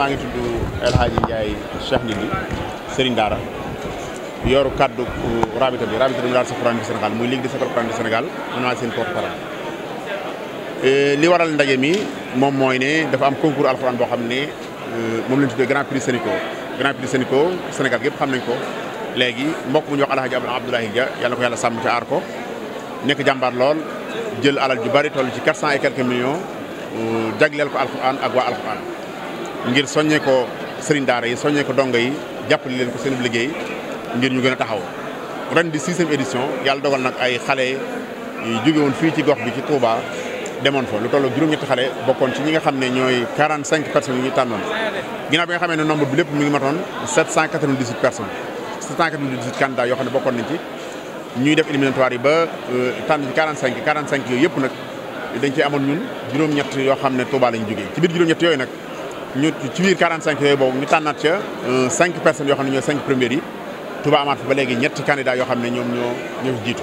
maa ngi tudd El Hadji Ndiaye Cheikh Ndindi Serigne Daara yoru kaddu bi rabita dañu daal sa Quran du Sénégal muy ligue de sacre Quran du Sénégal man maa seen porte-parole. Euh, li waral ndaje mi moom mooy ne dafa am concours alxuraan boo xam ne euh, moom la ñu tuddee grand prix Sénico grand prix Sénico Sénégal gépp xam nañ ko léegi mbokk mu ñu wax El Hadji Abdoulahi Dia ko yàlla sàmm ci aar ko nekk jàmbaar lool jël alal ju bari toll ci quatre cent et quelques millions euh, jagleel ko alxuraan ak waa alxuraan. ngir soññee ko sëriñ daara yi soññee ko dongo yi jàppale leen ko seen liggéey ngir ñu gën a taxaw ren di sixième édition yàlla dogal nag ay xale yu jóge woon fii ci gox bi ci Touba demoon fa lu toll ak juróom-ñetti xale bokkoon ci ñi nga xam ne ñooy 45 personnes yi ñu tànnoon ne nombre bi lépp mi ngi matoon 798 personnes 798 candidats yoo xam ne bokkoon nañ ci ñuy def éliminatoire yi ba euh, tànn ci 45 yooyu yëpp nag dañ ci amoon ñun juróom-ñett yoo xam ne Touba lañ jógee ci biir juróom-ñett yooyu nag ñu ci biir 45 yooyu boobu ñu tànnaat ca 5 euh, personnes yoo xam ne ñooy 5 premières yi Touba amaat fa ba léegi ñetti candidats yoo xam ne ñoom ñoo ñoo jiitu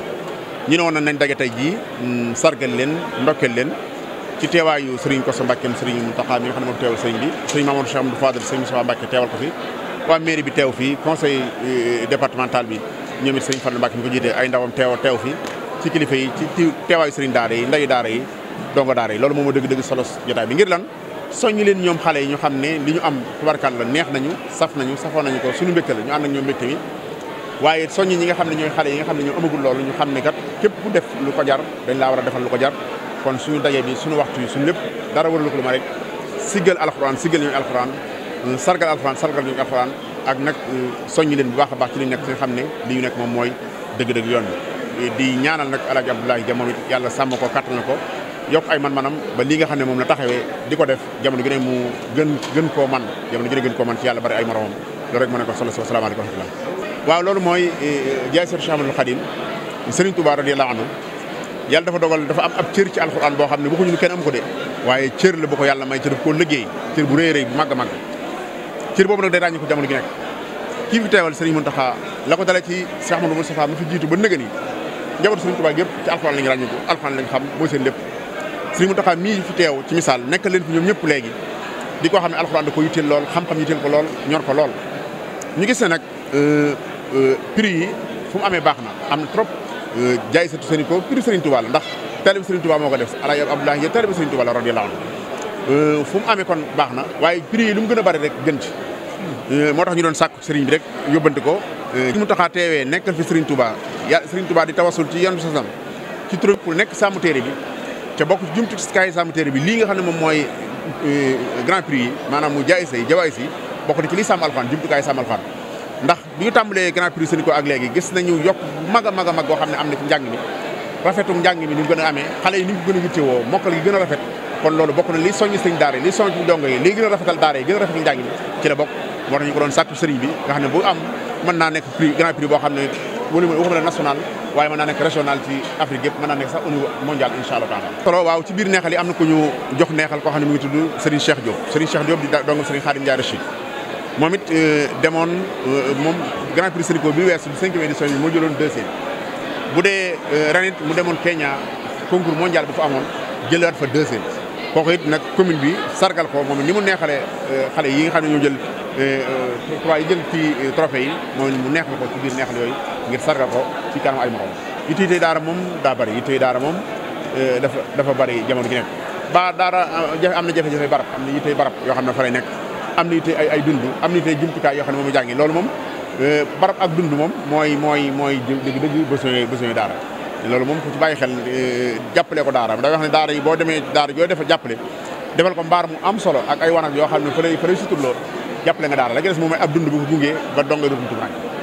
ñu ne woon nañ daje tey jii mm, sargal leen ndokkeel leen ci teewaayu Serigne Kosso Mbacke Serigne Mountakha mi nga xam ne moom teewal Serigne bi Serigne Mamadou Cheikh Amadou Fadel Serigne Moustapha Mbacke teewal ko fi waa mairie bi teew fii conseil euh, départemental bi ñoom it fan Fadel Mbacke mi ko jiite ay ndawam teew teew fi ci kilifa yi ci teewaayu Serigne daara yi ndayu daara yi dongo daara moom moo dëgg solo jotaay bi ngir soññ leen ñoom xale yi ñu xam ne li ñu am tubarkal la neex nañu saf nañu safoo nañu ko suñu mbégte la ñu ànd ak ñoom mbégte mi waaye soññ ñi nga xam ne xale yi nga xam ne ñoo amagul loolu ñu xam ne kat képp ku def lu ko jar dañ laa war a defal lu ko jar kon suñu daje bi suñu waxtu yi suñu lépp dara waralu ko lu ma rek siggal alxuraan siggal ñooy alxuraan sargal alxuraan sargal ñooy alxuraan ak nag euh, soññ leen bu baax a baax ci li nekk nga xam ne li ñu nekk moom mooy dëgg yoon bi di ñaanal nag alaaj Abdoulaye jamono yàlla sàmm ko kattan ko yokk ay man-manam ba lii nga xam ne moom la taxawee di ko def jamono gi ne mu gën gën koo man jamono gi ne gën koo man ci yàlla bari ay moromam loolu rek mën na solo si wasalaamaaleykum wa rahmatulah waaw loolu mooy eh, eh, jaay sër Cheikhul Khadim Serigne Touba radiyallahu anhu yàlla ci alxuraan boo xam ne waxuñu ne kenn am ko de waaye cër la koo liggéey cër bu rëy rëy bu màgg a màgg cër boobu nag day ràññi ko jamono gi nekk kii fi teewal ci Cheikh Ahmadou fi jiitu ba nëgëni njabootu Serigne Touba gépp ci alxuraan lañu ràññi ko alxuraan lañ xam mooy seen lépp Sëriñ Muntaxa mii fi teew ci misaal nekk leen fi ñoom ñëpp léegi di ko xam ne alxuraan da ko yitteel lool xam-xam yitteel ko lool ñor ko lool. ñu gis ne nag euh, euh, prix yi fu mu amee baax na am na trop euh, jaay satu sëriñ ko prix Sëriñ Tuubaa la ndax taalib Sëriñ Tuubaa moo ko def ala yob Abdoulaye yéen taalib Sëriñ Tuubaa la radiyallaahu anhu fu mu amee kon baax na waaye prix yi lu mu gën a bari rek gën ci moo tax ñu doon sàkku sëriñ bi rek yóbbante ko Sëriñ Muntaxa teewee nekkal fi Sëriñ Tuubaa ya Sëriñ Tuubaa di tawasul ci yan sasam ci turam pour nekk sàmm téere bi ca bokk ci jumtukaay sàmmteer bi lii nga xam ne moom mooy euh, grand prix yi maanaam mu jaay say jawaay si bokk na ci lii sàmm alxuraan jumtukaay sàmm alxuraan ndax bi ñu tàmbalee grand prix Sénico ak léegi gis nañu yokk mag a mag a mag boo xam ne am na ci njàng mi rafetum mi ni mu gën a amee xale yi ni mu gën a witte mokkal gi gën a rafet kon loolu bokk na li soññ sëñ daara yi li soññ dongo yi lii gën a rafetal daara yi gën a rafetal njàng ci la bokk war bi nga xam ne bu am naa nekk prix grand prix ne wala waxuma national waaye mën naa nekk régional ci Afrique yëpp mën naa nekk sax au niveau mondial incha allah solo waaw ci biir neexal am na ko ñu jox neexal koo xam ne mu ngi tudd Serigne Cheikh Diop Serigne Cheikh Diop di dongam Serigne Khadim Ndiaye moom it euh, demoon euh, moom Grand Prix Serigne bi weesu bi cinquième édition bi moo jëloon deuxième bu dee euh, ren it mu demoon Kenya concours mondial bu fa amoon jëlaat fa deuxième kooku it nag commune bi sargal ko moom ni mu neexalee xale yi nga xam ne ñoo jël trois yi jël ci trophée yi moom mu neexal ko ci biir neexal yooyu ngir sargal ko ci kanam ay morom yittey tey daara moom daa bëri yittey daara moom eh, dafa dafa bëri jamono gi nekk ba daara ah, jafe am na jafe-jafe am na yittey barab yoo xam ne fa lay nekk am na ay ay dund am na yittey jumtukaay yoo xam ne moom jàngi loolu moom eh, barab ak dund moom mooy mooy mooy dëgg dëgg besoin besoin daara loolu moom ku ci bàyyi xel eh, jàppale ko daara da wax ne daara yi boo demee daara yooyu dafa jàppale defal ko mbaar mu am solo ak ay wanag yoo xam ne fa lay fa lay suturloo jàppale nga daara la nga des moom mooy ab dund bu ko gungee ba donga dootum tumuraanke